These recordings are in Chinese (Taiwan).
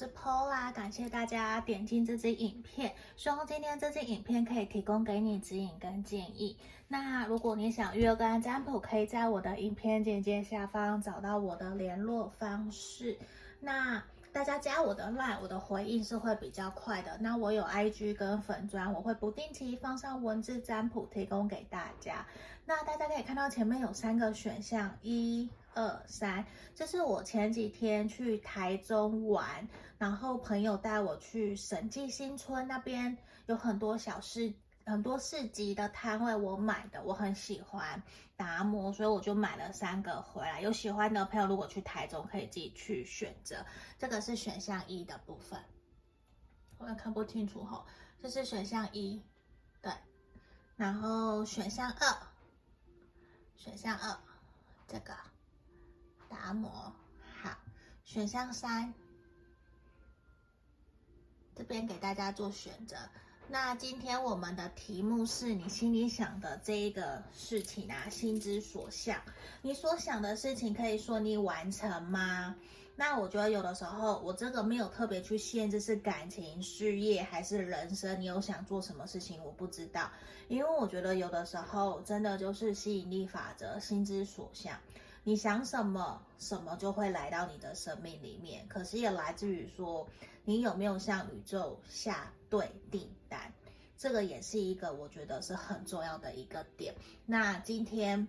是 Paula 啦，啊，感謝大家點進這支影片，希望今天這支影片可以提供給你指引跟建議。那如果你想預約個案占卜，可以在我的影片簡介下方找到我的聯絡方式。那大家加我的 line，我的回應是會比較快的。那我有 IG 跟粉專，我會不定期放上文字占卜提供給大家。那大家可以看到前面有三個選項，一。二三，這是我前幾天去台中玩，然後朋友帶我去審計新村那邊，有很多小市、很多市集的攤位，我買的，我很喜歡達摩，所以我就買了三個回來。有喜歡的朋友如果去台中，可以自己去選擇。這個是選項一的部分，我也看不清楚吼，這是選項一，對，然後選項二，選項二這個。達摩，好，選項三，這邊給大家做選擇。那今天我們的題目是你心裡想的這一個事情啊，心之所向，你所想的事情可以順利完成嗎？那我覺得有的時候，我這個沒有特別去限制是感情、事業還是人生，你有想做什麼事情我不知道，因為我覺得有的時候真的就是吸引力法則，心之所向。你想什麼，什麼就會來到你的生命裡面。可是也來自於說，你有沒有向宇宙下對訂單？這個也是一個我覺得是很重要的一個點。那今天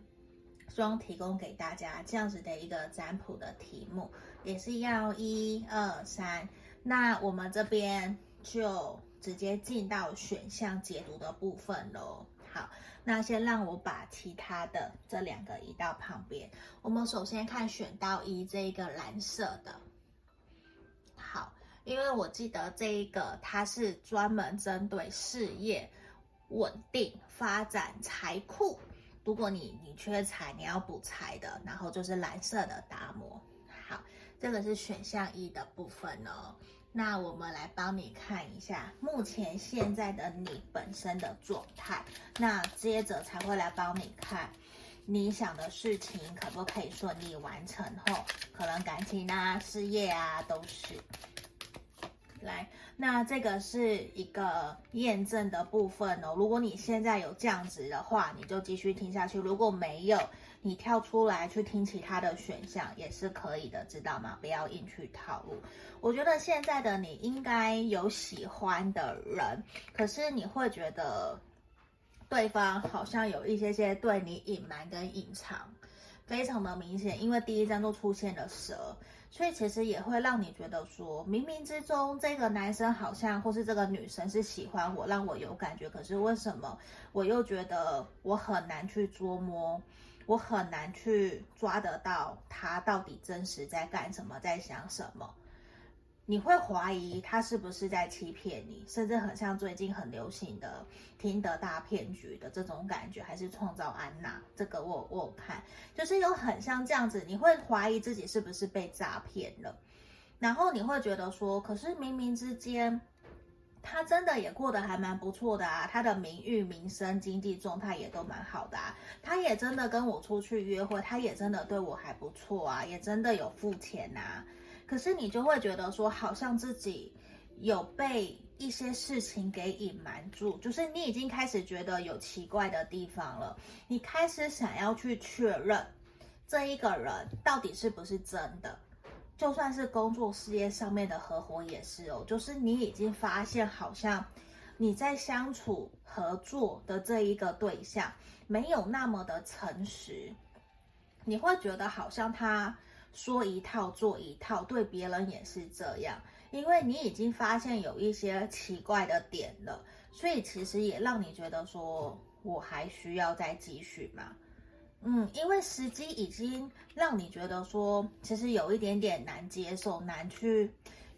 雙提供給大家這樣子的一個占卜的題目，也是要一二三。那我們這邊就直接進到選項解讀的部分咯。好，那先讓我把其他的這兩個移到旁邊。我們首先看選到一這一個藍色的，好，因為我記得這一個它是專門針對事業穩定發展財庫，如果你你缺財你要補財的，然後就是藍色的達摩。好，這個是選項一的部分哦。那我們來幫你看一下目前現在的你本身的狀態，那接着才會來幫你看你想的事情可不可以順利完成後，可能感情啊、事業啊都是。來，那這個是一個驗證的部分哦。如果你現在有這樣子的話，你就繼續聽下去；如果沒有，你跳出來去聽其他的選項也是可以的，知道嗎？不要硬去套路。我覺得現在的你應該有喜歡的人，可是你會覺得對方好像有一些些對你隱瞞跟隱藏，非常的明顯。因為第一張都出現了蛇，所以其實也會讓你覺得說，冥冥之中這個男生好像或是這個女生是喜歡我，讓我有感覺。可是為什麼我又覺得我很難去捉摸？我很難去抓得到他到底真實在幹什麼，在想什麼。你會懷疑他是不是在欺騙你，甚至很像最近很流行的 “Tinder 大騙局”的這種感覺，還是創造安娜？這個我我看，就是有很像這樣子，你會懷疑自己是不是被詐騙了，然後你會覺得說，可是明明之間。他真的也過得還蠻不錯的啊，他的名譽、名聲、經濟狀態也都蠻好的。啊，他也真的跟我出去約會，他也真的對我還不錯啊，也真的有付錢吶、啊。可是你就會覺得說，好像自己有被一些事情給隱瞞住，就是你已經開始覺得有奇怪的地方了，你開始想要去確認這一個人到底是不是真的。就算是工作事業上面的合夥也是哦，就是你已經發現好像你在相處合作的這一個對象沒有那麼的誠實，你會覺得好像他說一套做一套，對別人也是這樣，因為你已經發現有一些奇怪的點了，所以其實也讓你覺得說我還需要再繼續嗎？嗯，因為時機已經讓你覺得說，其實有一點點難接受、難去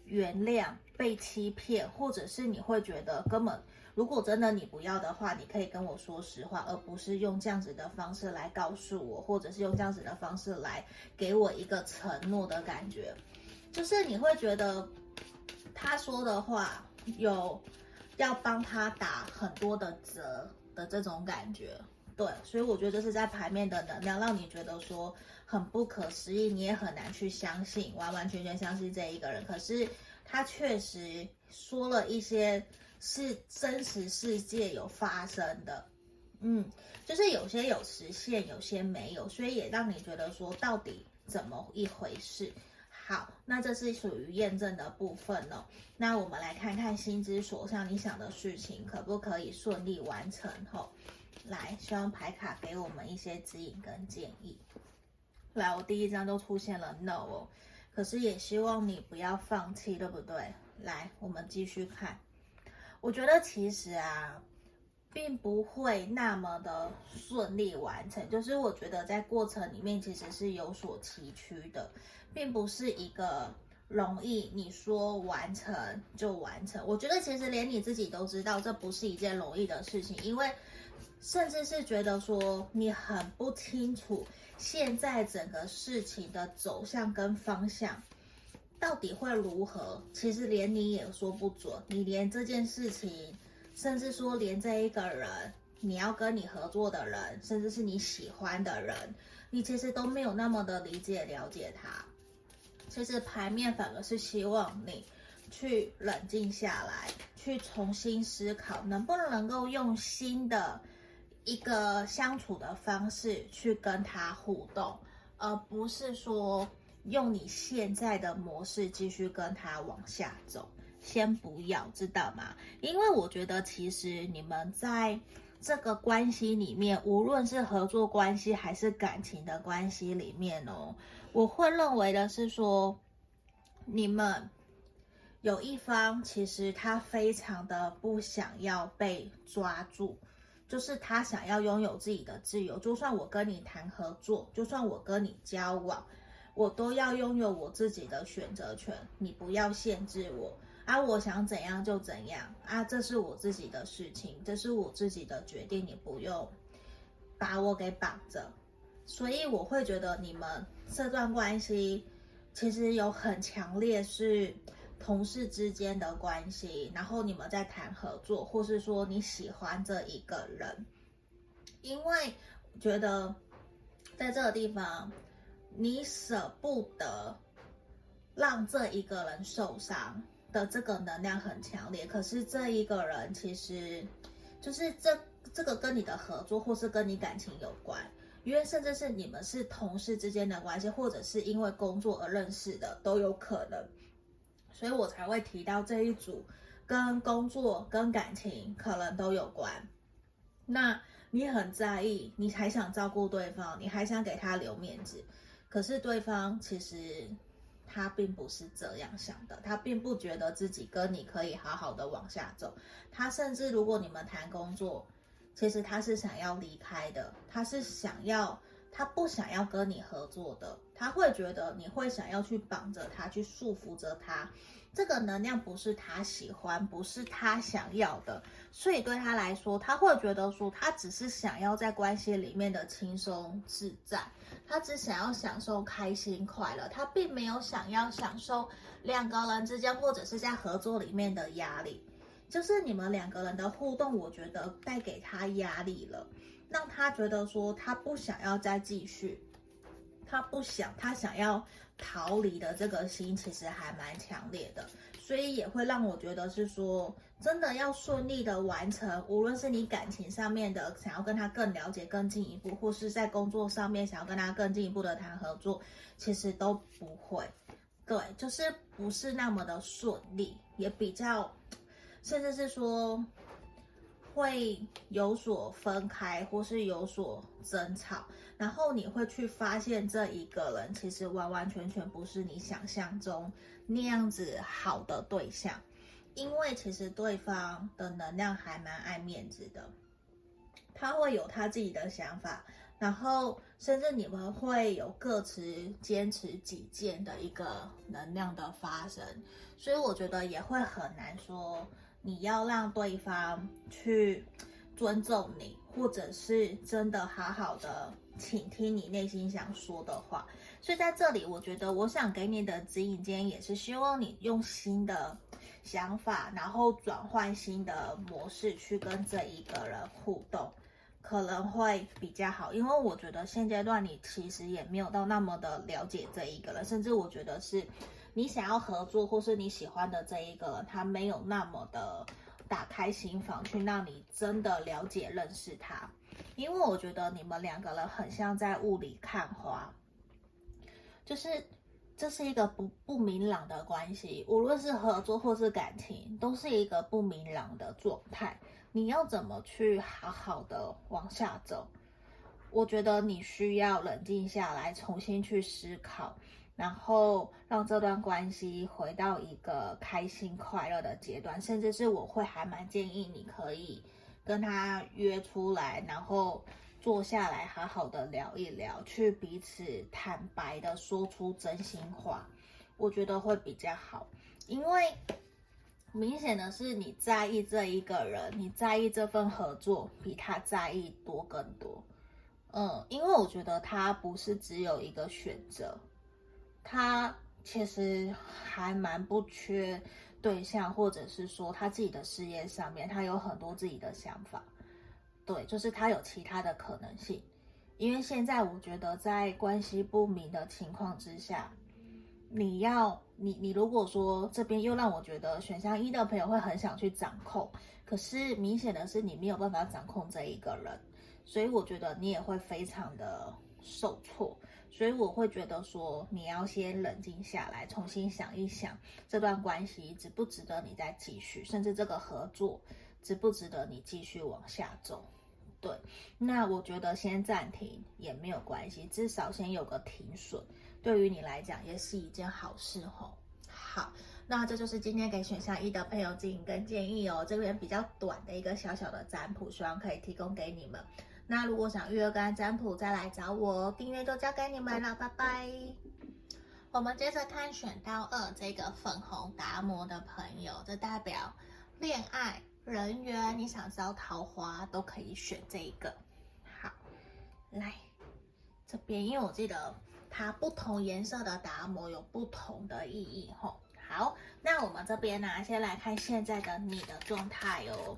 原諒被欺騙，或者是你會覺得根本，如果真的你不要的話，你可以跟我說實話，而不是用這樣子的方式來告訴我，或者是用這樣子的方式來給我一個承諾的感覺，就是你會覺得他說的話有要幫他打很多的折的這種感覺。對，所以我覺得這是在牌面的能量，讓你覺得說很不可思議，你也很難去相信，完完全全相信這一個人。可是他確實說了一些是真實世界有發生的，嗯，就是有些有實現，有些沒有，所以也讓你覺得說到底怎麼一回事。好，那這是屬於驗證的部分了喔。那我們來看看心之所向，你想的事情可不可以順利完成喔？吼。來，希望牌卡給我們一些指引跟建議。來，我第一張都出現了 No 哦，可是也希望你不要放棄，對不對？來，我們繼續看。我覺得其實啊，並不會那麼的順利完成。就是我覺得在過程裡面其實是有所崎嶇的，並不是一個容易你說完成就完成。我覺得其實連你自己都知道，這不是一件容易的事情，因為。甚至是覺得說你很不清楚現在整個事情的走向跟方向到底會如何，其實連你也說不準。你連這件事情，甚至說連這一個人，你要跟你合作的人，甚至是你喜歡的人，你其實都沒有那麼的理解了解他。其實牌面反而是希望你去冷靜下來，去重新思考，能不能夠用新的。一個相處的方式去跟他互動，而不是說用你現在的模式繼續跟他往下走。先不要，知道嗎？因為我覺得，其實你們在這個關係裡面，無論是合作關係還是感情的關係裡面哦，我會認為的是說，你們有一方其實他非常的不想要被抓住。就是他想要擁有自己的自由，就算我跟你談合作，就算我跟你交往，我都要擁有我自己的選擇權。你不要限制我啊！我想怎樣就怎樣啊！這是我自己的事情，這是我自己的決定，你不用把我給綁着。所以我會覺得你們這段關係其實有很強烈是。同事之間的關係，然後你們在談合作，或是說你喜歡這一個人，因為覺得在這個地方你捨不得讓這一個人受傷的這個能量很強烈。可是這一個人其實就是這這個跟你的合作，或是跟你感情有關，因為甚至是你們是同事之間的關係，或者是因為工作而認識的，都有可能。所以我才會提到這一組，跟工作、跟感情可能都有關。那你很在意，你還想照顧對方，你還想給他留面子，可是對方其實他並不是這樣想的，他並不覺得自己跟你可以好好的往下走。他甚至如果你們談工作，其實他是想要離開的，他是想要。他不想要跟你合作的，他會覺得你會想要去綁着他，去束縛着他，這個能量不是他喜歡，不是他想要的，所以對他來說，他會覺得說，他只是想要在關係裡面的輕鬆自在，他只想要享受開心快樂，他並沒有想要享受兩個人之間或者是在合作裡面的壓力，就是你們兩個人的互動，我覺得帶給他壓力了。讓他覺得說，他不想要再繼續，他不想，他想要逃離的這個心其實還蠻強烈的，所以也會讓我覺得是說真的要順利的完成，無論是你感情上面的想要跟他更了解，更進一步，或是在工作上面想要跟他更進一步的談合作，其實都不會，對，就是不是那麼的順利，也比較，甚至是說。會有所分開，或是有所爭吵，然後你會去發現這一個人其實完完全全不是你想象中那樣子好的對象，因為其實對方的能量還蠻愛面子的，他會有他自己的想法，然後甚至你們會有各持堅持己見的一個能量的發生，所以我覺得也會很難說。你要讓對方去尊重你，或者是真的好好的傾聽你內心想說的話。所以在這裡，我覺得我想給你的指引，今天也是希望你用新的想法，然後轉換新的模式去跟這一個人互動，可能會比較好。因為我覺得現階段你其實也沒有到那麼的了解這一個人，甚至我覺得是。你想要合作，或是你喜歡的這一個人，他沒有那麼的打開心房，去讓你真的了解、認識他。因為我覺得你們兩個人很像在霧裡看花，就是這是一個不不明朗的關係，無論是合作或是感情，都是一個不明朗的狀態。你要怎麼去好好的往下走？我覺得你需要冷靜下來，重新去思考。然後讓這段關係回到一個開心快樂的階段，甚至是我會還蠻建議你可以跟他約出來，然後坐下來好好的聊一聊，去彼此坦白的說出真心話，我覺得會比較好。因為明顯的是你在意這一個人，你在意這份合作比他在意多更多。嗯，因為我覺得他不是只有一個選擇。他其實還蠻不缺對象，或者是說他自己的事業上面，他有很多自己的想法。對，就是他有其他的可能性。因為現在我覺得，在關係不明的情況之下，你要你你如果說這邊又讓我覺得選項一的朋友會很想去掌控，可是明顯的是你沒有辦法掌控這一個人，所以我覺得你也會非常的受挫。所以我會覺得說，你要先冷靜下來，重新想一想這段關係值不值得你再繼續，甚至這個合作值不值得你繼續往下走。對，那我覺得先暫停也沒有關係，至少先有個停損，對於你來講也是一件好事吼、哦。好，那這就是今天給選項一的朋友指引跟建議哦，這邊比較短的一個小小的占卜，希望可以提供給你們。那如果想預約個案占卜，再來找我哦。訂閱就交給你們了，拜拜。我們接着看選到二這個粉紅達摩的朋友，這代表戀愛、人緣，你想招桃花都可以選這一個。好，來這邊，因為我記得它不同顏色的達摩有不同的意義吼、哦。好，那我們這邊呢、啊，先來看現在的你的狀態哦。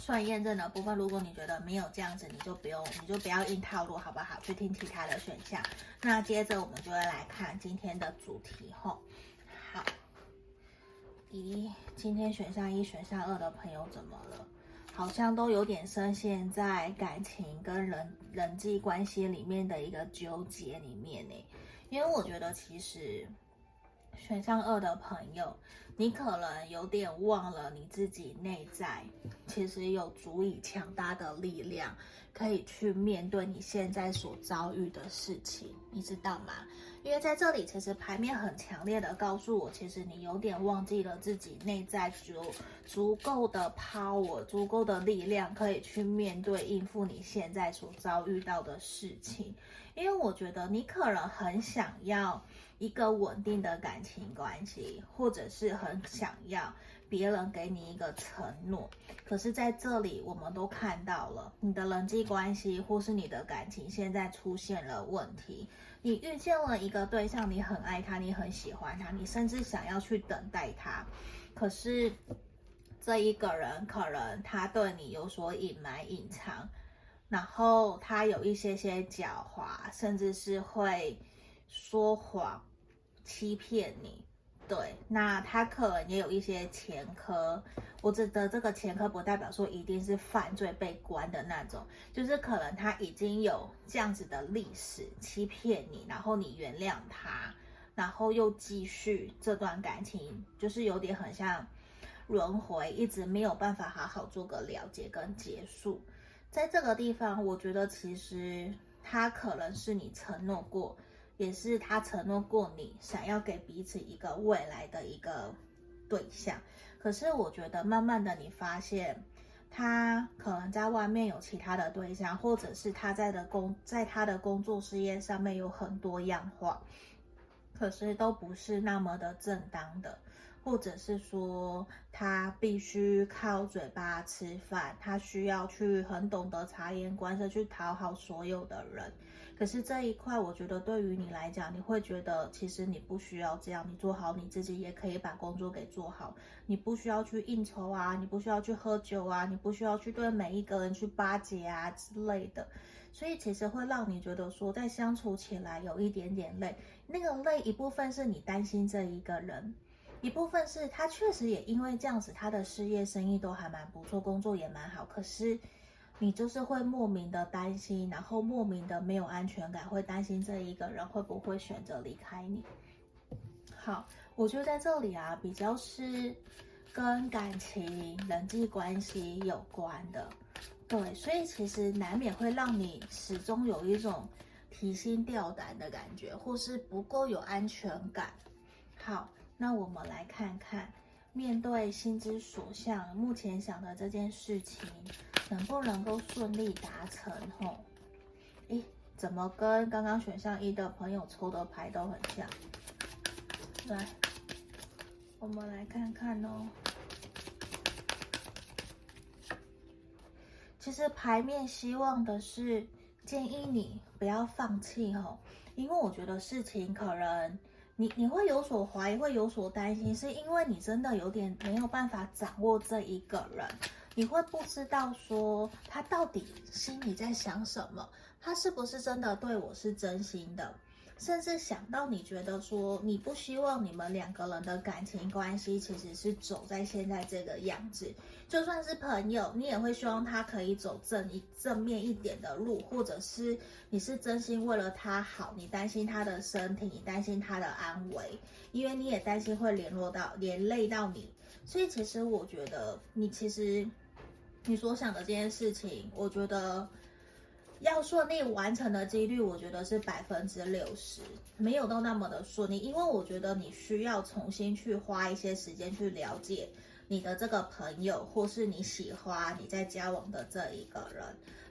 算驗證的部分，如果你覺得沒有這樣子，你就不用，你就不要硬套路，好不好？去聽其他的選項。那接着我們就會來看今天的主題，吼。好，咦，今天選項一、選項二的朋友怎麼了？好像都有點深陷在感情跟人人際關係裡面的一個糾結裡面呢。因為我覺得其實。選項二的朋友，你可能有點忘了你自己內在其實有足以強大的力量，可以去面對你現在所遭遇的事情，你知道嗎？因為在這裡，其實牌面很強烈的告訴我，其實你有點忘記了自己內在只有足足夠的 power，足夠的力量可以去面對應付你現在所遭遇到的事情。因為我覺得你可能很想要。一個穩定的感情關係，或者是很想要別人給你一個承諾，可是在這裡我們都看到了，你的人際關係或是你的感情現在出現了問題。你遇見了一個對象，你很愛他，你很喜歡他，你甚至想要去等待他，可是這一個人可能他對你有所隱瞞、隱藏，然後他有一些些狡猾，甚至是會說謊。欺騙你，對，那他可能也有一些前科。我覺得這個前科，不代表說一定是犯罪被關的那種，就是可能他已經有這樣子的歷史欺騙你，然後你原諒他，然後又繼續這段感情，就是有點很像輪回，一直沒有辦法好好做個了結跟結束。在這個地方，我覺得其實他可能是你承諾過。也是他承諾過你，想要給彼此一個未來的一個對象。可是我覺得，慢慢的你發現，他可能在外面有其他的對象，或者是他在的工，在他的工作事業上面有很多樣化，可是都不是那麼的正當的。或者是說他必須靠嘴巴吃飯，他需要去很懂得察言觀色，去討好所有的人。可是這一塊，我覺得對於你來講，你會覺得其實你不需要這樣，你做好你自己也可以把工作給做好。你不需要去應酬啊，你不需要去喝酒啊，你不需要去對每一個人去巴結啊之類的。所以其實會讓你覺得說，在相處起來有一點點累。那個累一部分是你擔心這一個人。一部分是他確實也因為這樣子，他的事業、生意都還蠻不錯，工作也蠻好。可是你就是會莫名的擔心，然後莫名的沒有安全感，會擔心這一個人會不會選擇離開你。好，我覺得在這裡啊，比較是跟感情、人際關係有關的，對，所以其實難免會讓你始終有一種提心吊膽的感覺，或是不夠有安全感。好。那我們來看看，面對心之所向，目前想的這件事情，能不能夠順利達成哦？吼，咦，怎麼跟剛剛選項一的朋友抽的牌都很像？來，我們來看看哦。其實牌面希望的是，建議你不要放棄哦，吼，因為我覺得事情可能。你你會有所懷疑，會有所擔心，是因為你真的有點沒有辦法掌握這一個人，你會不知道說他到底心裡在想什麼，他是不是真的對我是真心的。甚至想到，你覺得說你不希望你們兩個人的感情關係其實是走在現在這個樣子，就算是朋友，你也會希望他可以走正一正面一點的路，或者是你是真心為了他好，你擔心他的身體，你擔心他的安危，因為你也擔心會聯絡到連累到你。所以其實我覺得，你其實你所想的這件事情，我覺得。要順利完成的幾率，我覺得是百分之六十，沒有都那麼的順利，因為我覺得你需要重新去花一些時間去了解你的這個朋友，或是你喜歡你在交往的這一個人。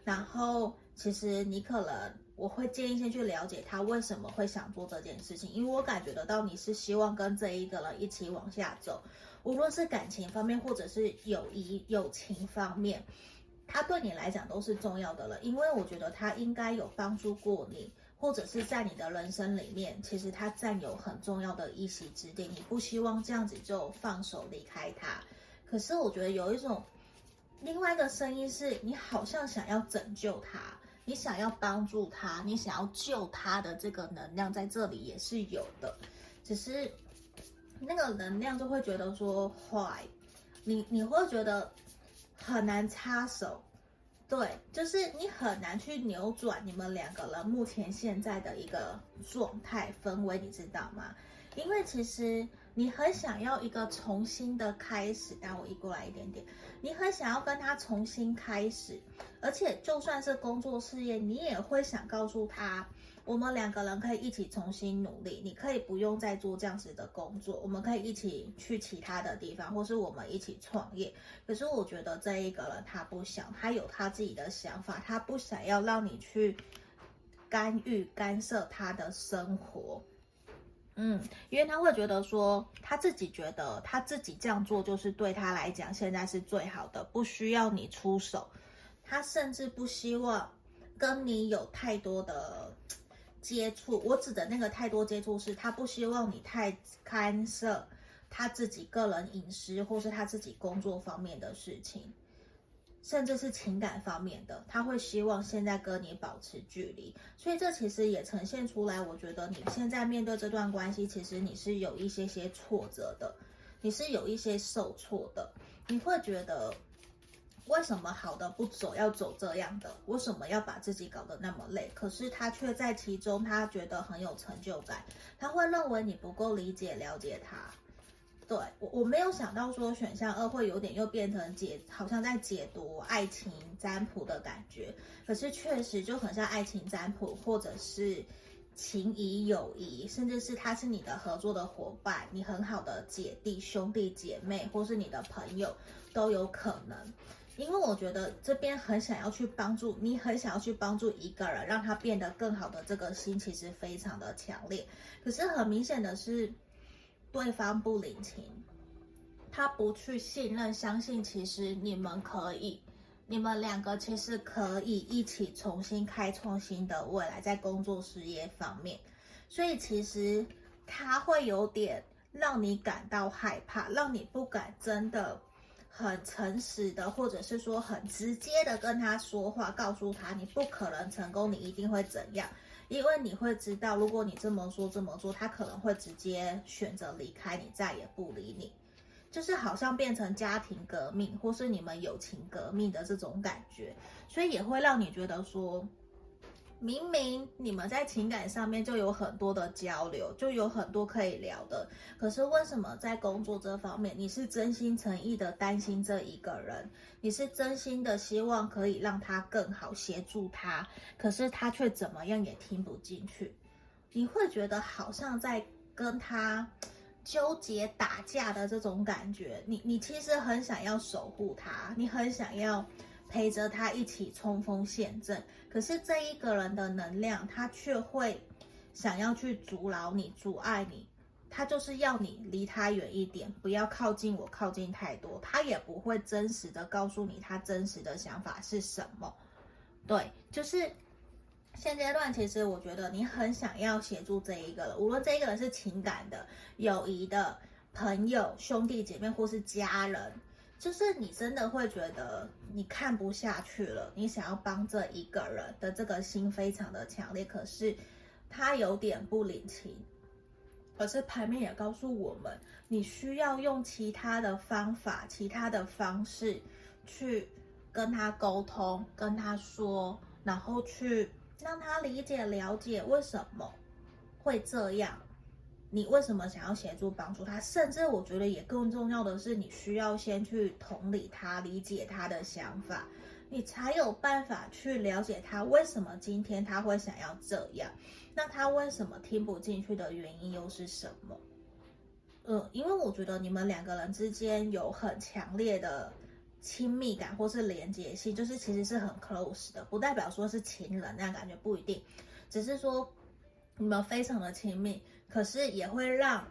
然後，其實你可能我會建議先去了解他為什麼會想做這件事情，因為我感覺得到你是希望跟這一個人一起往下走，無論是感情方面或者是友誼友情方面。他對你來講都是重要的了，因為我覺得他應該有幫助過你，或者是在你的人生裡面，其實他占有很重要的一席之地。你不希望這樣子就放手離開他，可是我覺得有一種另外一個聲音是，你好像想要拯救他，你想要幫助他，你想要救他的這個能量在這裡也是有的，只是那個能量就會覺得說壞，你你會覺得。很難插手，對，就是你很難去扭轉你們兩個人目前現在的一個狀態氛圍，你知道嗎？因為其實你很想要一個重新的開始，但我移過來一點點，你很想要跟他重新開始，而且就算是工作事業，你也會想告訴他，我們兩個人可以一起重新努力，你可以不用再做這樣子的工作，我們可以一起去其他的地方，或是我們一起創業。可是我覺得這一個人他不想，他有他自己的想法，他不想要讓你去干預干涉他的生活。嗯，因為他會覺得說他自己覺得他自己這樣做就是對他來講現在是最好的，不需要你出手。他甚至不希望跟你有太多的。接觸，我指的那個太多接觸是，他不希望你太干涉他自己個人隱私，或是他自己工作方面的事情，甚至是情感方面的，他會希望現在跟你保持距離。所以這其實也呈現出來，我覺得你現在面對這段關係，其實你是有一些些挫折的，你是有一些受挫的，你會覺得。為什麼好的不走，要走這樣的？為什麼要把自己搞得那麼累？可是他卻在其中，他覺得很有成就感。他會認為你不夠理解、了解他。對，我，我沒有想到說選項二會有點又變成解，好像在解讀愛情占卜的感覺。可是確實就很像愛情占卜，或者是情誼、友誼，甚至是他是你的合作的伙伴，你很好的姐弟、兄弟姐妹，或是你的朋友都有可能。因為我覺得這邊很想要去幫助你，很想要去幫助一個人，讓他變得更好的這個心其實非常的強烈。可是很明顯的是，對方不領情，他不去信任、相信，其實你們可以，你們兩個其實可以一起重新開創新的未來，在工作事業方面。所以其實他會有點讓你感到害怕，讓你不敢真的，很誠實的，或者是說很直接的跟他說話，告訴他你不可能成功，你一定會怎樣，因為你會知道，如果你這麼說這麼做，他可能會直接選擇離開你，再也不理你，就是好像變成家庭革命，或是你們友情革命的這種感覺，所以也會讓你覺得說。明明你們在情感上面就有很多的交流，就有很多可以聊的，可是為什麼在工作這方面，你是真心誠意的擔心這一個人，你是真心的希望可以讓他更好協助他，可是他卻怎麼樣也聽不進去，你會覺得好像在跟他糾結打架的這種感覺，你你其實很想要守護他，你很想要。陪着他一起衝鋒陷陣，可是這一個人的能量，他卻會想要去阻撓你、阻礙你，他就是要你離他遠一點，不要靠近我，靠近太多，他也不會真實的告訴你他真實的想法是什麼。對，就是現階段，其實我覺得你很想要協助這一個人，無論這一個人是情感的、友誼的、朋友、兄弟姐妹或是家人。就是你真的會覺得你看不下去了，你想要幫這一個人的這個心非常的強烈，可是他有點不領情。可是牌面也告訴我們，你需要用其他的方法、其他的方式去跟他溝通，跟他說，然後去讓他理解、了解為什麼會這樣。你為什麼想要協助幫助他？甚至我覺得也更重要的是，你需要先去同理他，理解他的想法，你才有辦法去了解他為什麼今天他會想要這樣。那他為什麼聽不進去的原因又是什麼？嗯，因為我覺得你們兩個人之間有很強烈的親密感或是連結性，就是其實是很 close 的，不代表說是情人那樣感覺不一定，只是說你們非常的親密。可是也會讓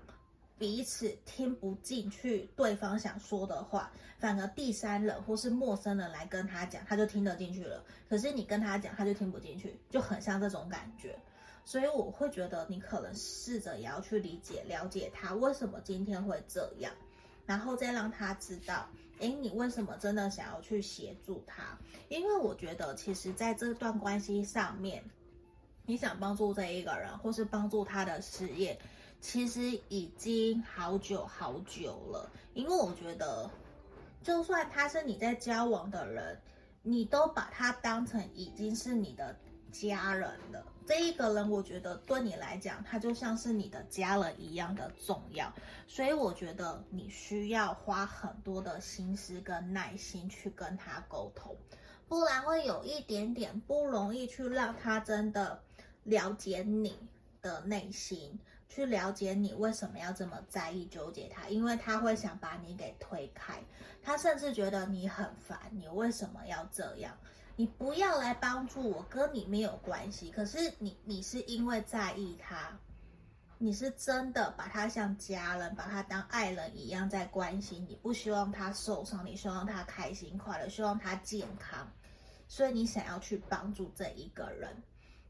彼此聽不進去對方想說的話，反而第三人或是陌生人來跟他講，他就聽得進去了。可是你跟他講，他就聽不進去，就很像這種感覺。所以我會覺得你可能試着也要去理解、了解他為什麼今天會這樣，然後再讓他知道，哎，你為什麼真的想要去協助他？因為我覺得其實在這段關係上面。你想幫助這一個人，或是幫助他的事業，其實已經好久好久了。因為我覺得，就算他是你在交往的人，你都把他當成已經是你的家人了。這一個人，我覺得對你來講，他就像是你的家人一樣的重要。所以我覺得你需要花很多的心思跟耐心去跟他溝通，不然會有一點點不容易去讓他真的。了解你的內心，去了解你為什麼要這麼在意、糾結他，因為他會想把你給推開，他甚至覺得你很煩，你為什麼要這樣？你不要來幫助我，跟你沒有關係。可是你，你是因為在意他，你是真的把他像家人，把他當愛人一樣在關心你，你不希望他受傷，你希望他開心快樂，希望他健康，所以你想要去幫助這一個人。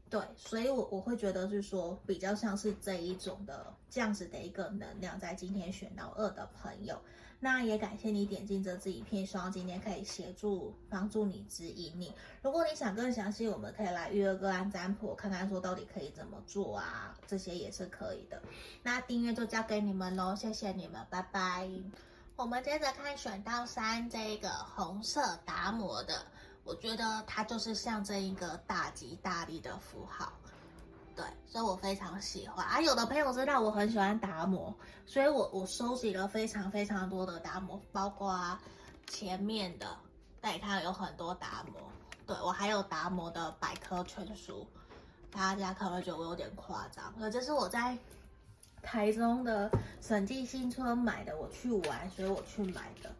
對，所以我，我我會覺得是說，比較像是這一種的這樣子的一個能量，在今天選到二的朋友，那也感謝你點進這這支影片，希望今天可以協助幫助你指引你。如果你想更詳細，我們可以來預約個案占卜，看看說到底可以怎麼做啊，這些也是可以的。那訂閱就交給你們嘍，謝謝你們，拜拜。我們接着看選到三這一個紅色達摩的。我覺得它就是象徵一個大吉大利的符號，對，所以我非常喜歡。啊，有的朋友知道我很喜歡達摩，所以我我收集了非常非常多的達摩，包括前面的，大家看有很多達摩。對，我還有達摩的百科全書，大家可能覺得我有點誇張，可這是我在台中的審計新村買的，我去玩，所以我去買的。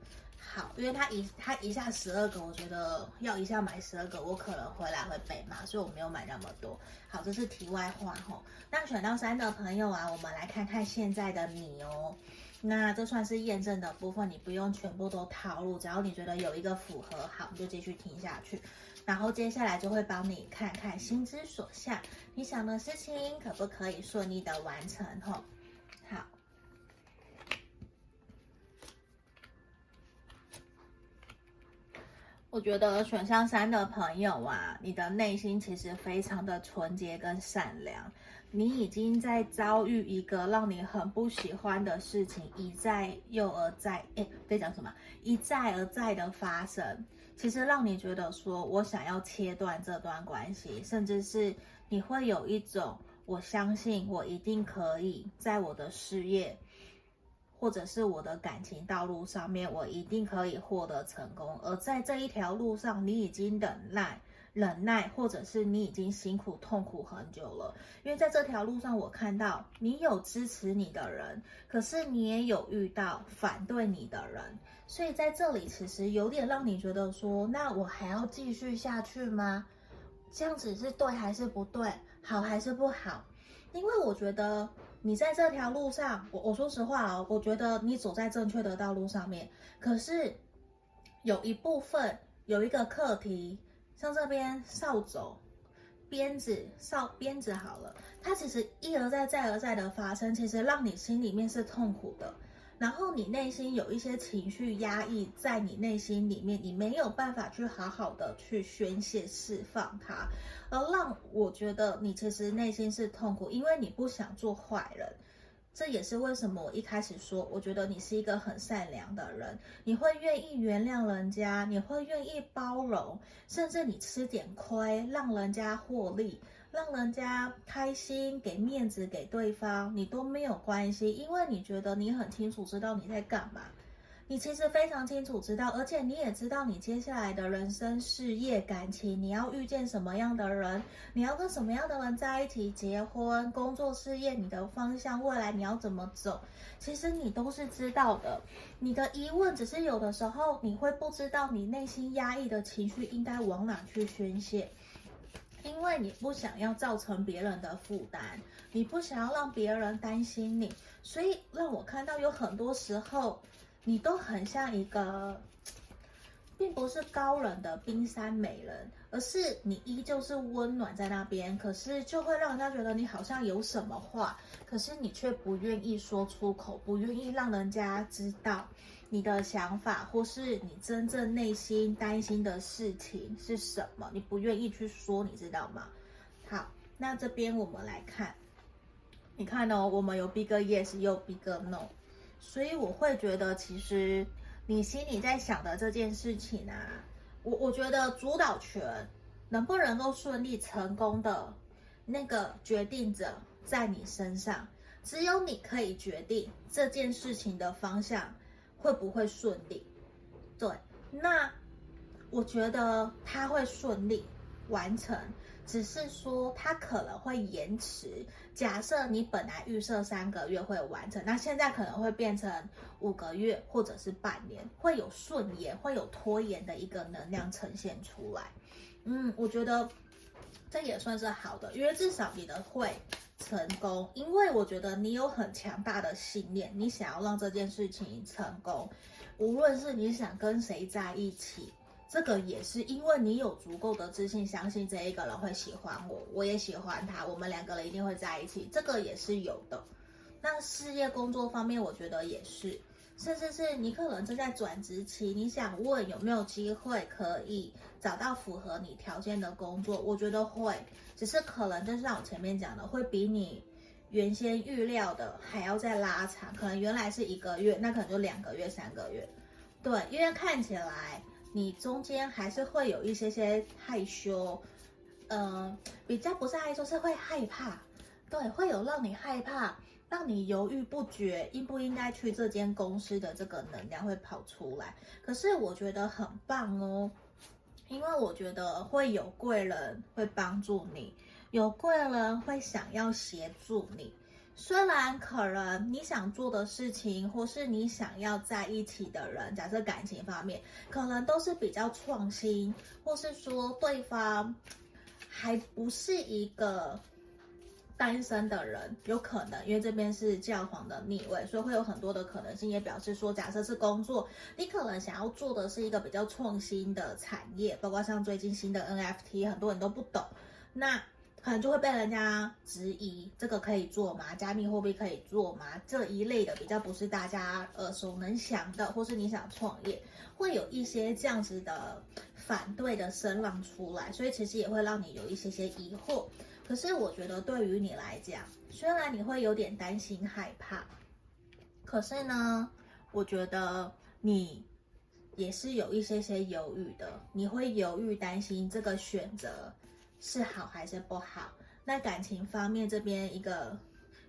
好，因為它一它一下十二個，我覺得要一下買十二個，我可能回來會被罵，所以我沒有買那麼多。好，這是題外話吼。那選到三的朋友啊，我們來看看現在的你哦、喔。那這算是驗證的部分，你不用全部都套路，只要你覺得有一個符合，好，你就繼續聽下去。然後接下來就會幫你看看心之所向，你想的事情可不可以順利的完成吼。我覺得選項三的朋友啊，你的內心其實非常的純潔跟善良。你已經在遭遇一個讓你很不喜歡的事情，一再又而再，哎，在講什麼？一再而再的發生，其實讓你覺得說，我想要切斷這段關係，甚至是你會有一種，我相信我一定可以在我的事業。或者是我的感情道路上面，我一定可以獲得成功，而在這一條路上，你已經忍耐、忍耐，或者是你已經辛苦、痛苦很久了。因為在這條路上，我看到你有支持你的人，可是你也有遇到反對你的人，所以在這裡其實有點讓你覺得說，那我還要繼續下去嗎？這樣子是對還是不對？好還是不好？因為我覺得。你在這條路上，我我說實話啊、哦，我覺得你走在正確的道路上面，可是有一部分有一個課題，像這邊掃帚、鞭子、掃鞭子好了，它其實一而再、再而再的發生，其實讓你心裡面是痛苦的。然後你內心有一些情緒壓抑在你內心裡面，你沒有辦法去好好的去宣洩釋放它，而讓我覺得你其實內心是痛苦，因為你不想做壞人。這也是為什麼我一開始說，我覺得你是一個很善良的人，你會願意原諒人家，你會願意包容，甚至你吃點虧，讓人家獲利。讓人家開心，給面子給對方，你都沒有關係，因為你覺得你很清楚知道你在幹嘛，你其實非常清楚知道，而且你也知道你接下來的人生、事業、感情，你要遇見什麼樣的人，你要跟什麼樣的人在一起，結婚、工作、事業，你的方向，未來你要怎麼走，其實你都是知道的。你的疑問只是有的時候你會不知道你內心壓抑的情緒應該往哪去宣泄。因為你不想要造成別人的負擔，你不想要讓別人擔心你，所以讓我看到有很多時候，你都很像一個。並不是高冷的冰山美人，而是你依舊是溫暖在那邊，可是就會讓人家覺得你好像有什麼話，可是你卻不願意說出口，不願意讓人家知道你的想法，或是你真正內心擔心的事情是什麼，你不願意去說，你知道嗎？好，那這邊我們來看，你看哦，我們有 big yes，有 big no，所以我會覺得其實。你心裡在想的這件事情啊，我我覺得主導權能不能夠順利成功的那個決定者在你身上，只有你可以決定這件事情的方向會不會順利。對，那我覺得他會順利完成。只是說，它可能會延遲。假設你本來預設三個月會完成，那現在可能會變成五個月，或者是半年，會有順延，會有拖延的一個能量呈現出來。嗯，我覺得這也算是好的，因為至少你的會成功，因為我覺得你有很強大的信念，你想要讓這件事情成功，無論是你想跟誰在一起。這個也是因為你有足夠的自信，相信這一個人會喜歡我，我也喜歡他，我們兩個人一定會在一起。這個也是有的。那事業工作方面，我覺得也是，甚至是你可能正在轉職期，你想問有沒有機會可以找到符合你條件的工作，我覺得會，只是可能就是像我前面講的，會比你原先預料的還要再拉長，可能原來是一個月，那可能就兩個月、三個月，對，因為看起來。你中間還是會有一些些害羞，嗯、呃，比較不是害羞，是會害怕，對，會有讓你害怕、讓你猶豫不決，應不應該去這間公司的這個能量會跑出來。可是我覺得很棒哦，因為我覺得會有貴人會幫助你，有貴人會想要協助你。雖然可能你想做的事情，或是你想要在一起的人，假設感情方面，可能都是比較創新，或是說對方還不是一個單身的人，有可能，因為這邊是教皇的逆位，所以會有很多的可能性，也表示說，假設是工作，你可能想要做的是一個比較創新的產業，包括像最近新的 NFT，很多人都不懂，那。可能就會被人家質疑，這個可以做嗎？加密貨幣可以做嗎？這一類的比較不是大家耳熟能詳的，或是你想創業，會有一些這樣子的反對的聲浪出來，所以其實也會讓你有一些些疑惑。可是我覺得對於你來講，雖然你會有點擔心害怕，可是呢，我覺得你也是有一些些猶豫的，你會猶豫擔心這個選擇。是好還是不好？那感情方面這邊一個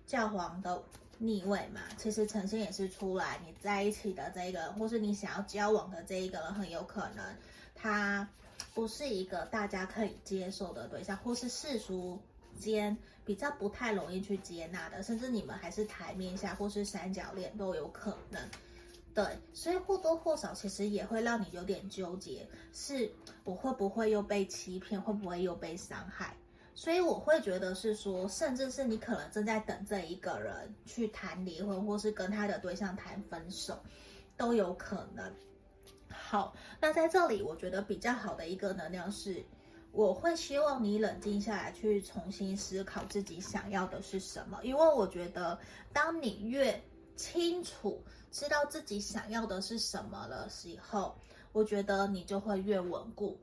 教皇的逆位嘛，其實呈現也是出來你在一起的這一個，或是你想要交往的這一個人，很有可能他不是一個大家可以接受的對象，或是世俗間比較不太容易去接納的，甚至你們還是台面下或是三角戀都有可能。對，所以或多或少其實也會讓你有點糾結，是我會不會又被欺騙，會不會又被傷害？所以我會覺得是說，甚至是你可能正在等這一個人去談離婚，或是跟他的對象談分手，都有可能。好，那在這裡我覺得比較好的一個能量是，我會希望你冷靜下來，去重新思考自己想要的是什麼，因為我覺得當你越清楚。知道自己想要的是什麼了以後，我覺得你就會越穩固，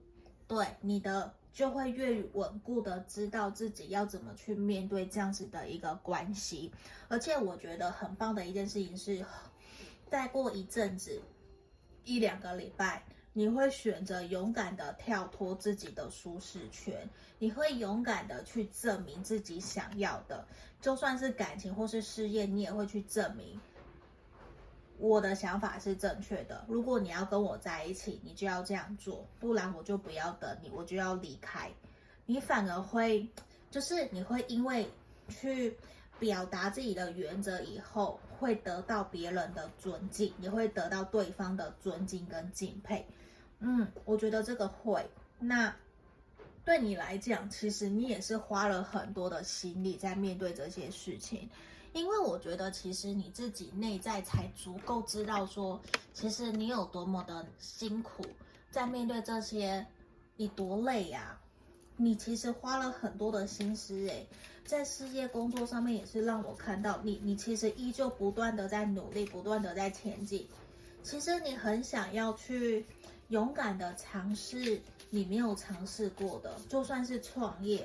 對你的就會越穩固的知道自己要怎麼去面對這樣子的一個關係。而且我覺得很棒的一件事情是，再、呃、過一陣子，一兩個禮拜，你會選擇勇敢的跳脫自己的舒適圈，你會勇敢的去證明自己想要的，就算是感情或是事業，你也會去證明。我的想法是正確的。如果你要跟我在一起，你就要這樣做，不然我就不要等你，我就要離開。你反而會，就是你會因為去表達自己的原則以後，會得到別人的尊敬，也會得到對方的尊敬跟敬佩。嗯，我覺得這個會。那對你來講，其實你也是花了很多的心力在面對這些事情。因為我覺得，其實你自己內在才足夠知道說，說其實你有多麼的辛苦，在面對這些，你多累呀！啊，你其實花了很多的心思、欸，哎，在事業工作上面也是讓我看到你，你其實依舊不斷的在努力，不斷的在前進。其實你很想要去勇敢的嘗試你沒有嘗試過的，就算是創業，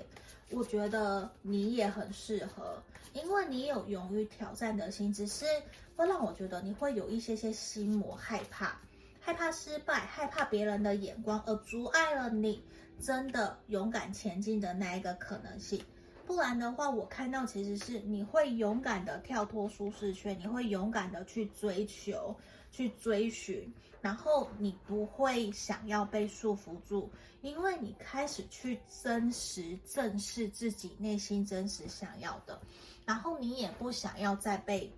我覺得你也很適合。因為你有勇於挑戰的心，只是會讓我覺得你會有一些些心魔，害怕害怕失敗，害怕別人的眼光，而阻礙了你真的勇敢前進的那一個可能性。不然的話，我看到其實是你會勇敢的跳脫舒適圈，你會勇敢的去追求、去追尋，然後你不會想要被束縛住，因為你開始去真實正視自己內心真實想要的。然後你也不想要再被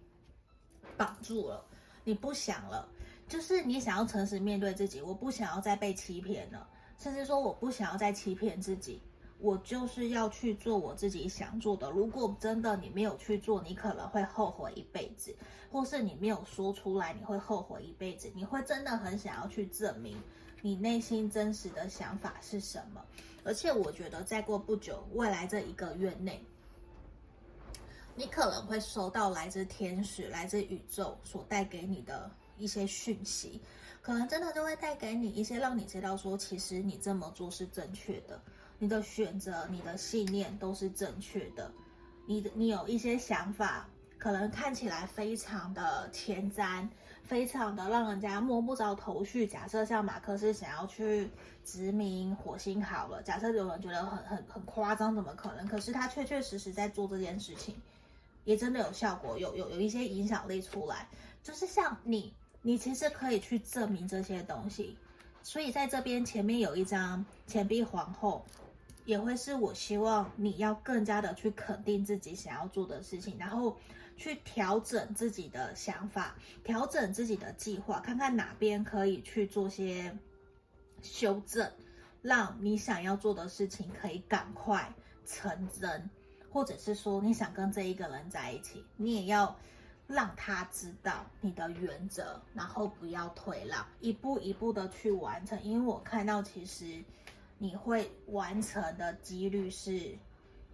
綁住了，你不想了，就是你想要誠實面對自己。我不想要再被欺騙了，甚至說我不想要再欺騙自己。我就是要去做我自己想做的。如果真的你沒有去做，你可能會後悔一輩子；或是你沒有說出來，你會後悔一輩子。你會真的很想要去證明你內心真實的想法是什麼。而且我覺得再過不久，未來這一個月內。你可能會收到來自天使、來自宇宙所帶給你的一些訊息，可能真的就會帶給你一些，讓你知道說，其實你這麼做是正確的，你的選擇、你的信念都是正確的。你的你有一些想法，可能看起來非常的前瞻，非常的讓人家摸不着頭緒。假設像馬斯克想要去殖民火星好了，假設有人覺得很很很誇張，怎麼可能？可是他確確實實在做這件事情。也真的有效果，有有有一些影響力出來，就是像你，你其實可以去證明這些東西。所以在這邊前面有一張錢幣皇後，也會是我希望你要更加的去肯定自己想要做的事情，然後去調整自己的想法，調整自己的計劃，看看哪邊可以去做些修正，讓你想要做的事情可以趕快成真。或者是說你想跟這一個人在一起，你也要讓他知道你的原則，然後不要退讓，一步一步的去完成。因為我看到其實你會完成的幾率是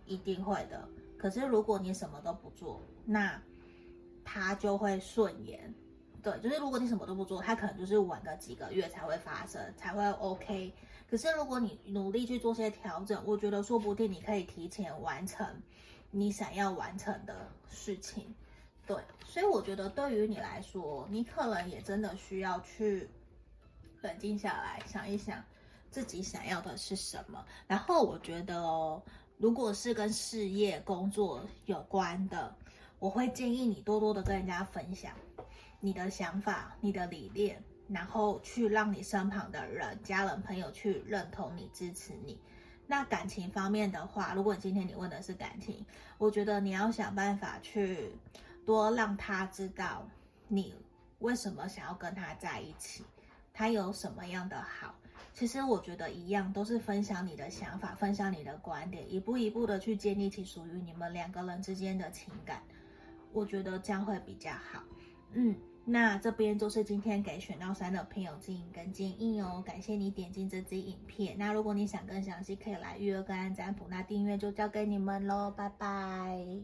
一定會的，可是如果你什麼都不做，那他就會順延。對，就是如果你什麼都不做，他可能就是晚個幾個月才會發生，才會 OK。.可是，如果你努力去做些調整，我覺得說不定你可以提前完成你想要完成的事情。對，所以我覺得對於你來說，你可能也真的需要去冷靜下來，想一想自己想要的是什麼。然後，我覺得哦，如果是跟事業、工作有關的，我會建議你多多的跟人家分享你的想法、你的理念。然後去讓你身旁的人、家人、朋友去認同你、支持你。那感情方面的話，如果今天你問的是感情，我覺得你要想辦法去多讓他知道你為什麼想要跟他在一起，他有什麼樣的好。其實我覺得一樣，都是分享你的想法，分享你的觀點，一步一步的去建立起屬於你們兩個人之間的情感。我覺得這樣會比較好。嗯。那這邊就是今天給選到三的朋友指引跟建議哦，感謝你點進這支影片。那如果你想更詳細，可以來預約個案占卜。那訂閱就交給你們嘍，拜拜。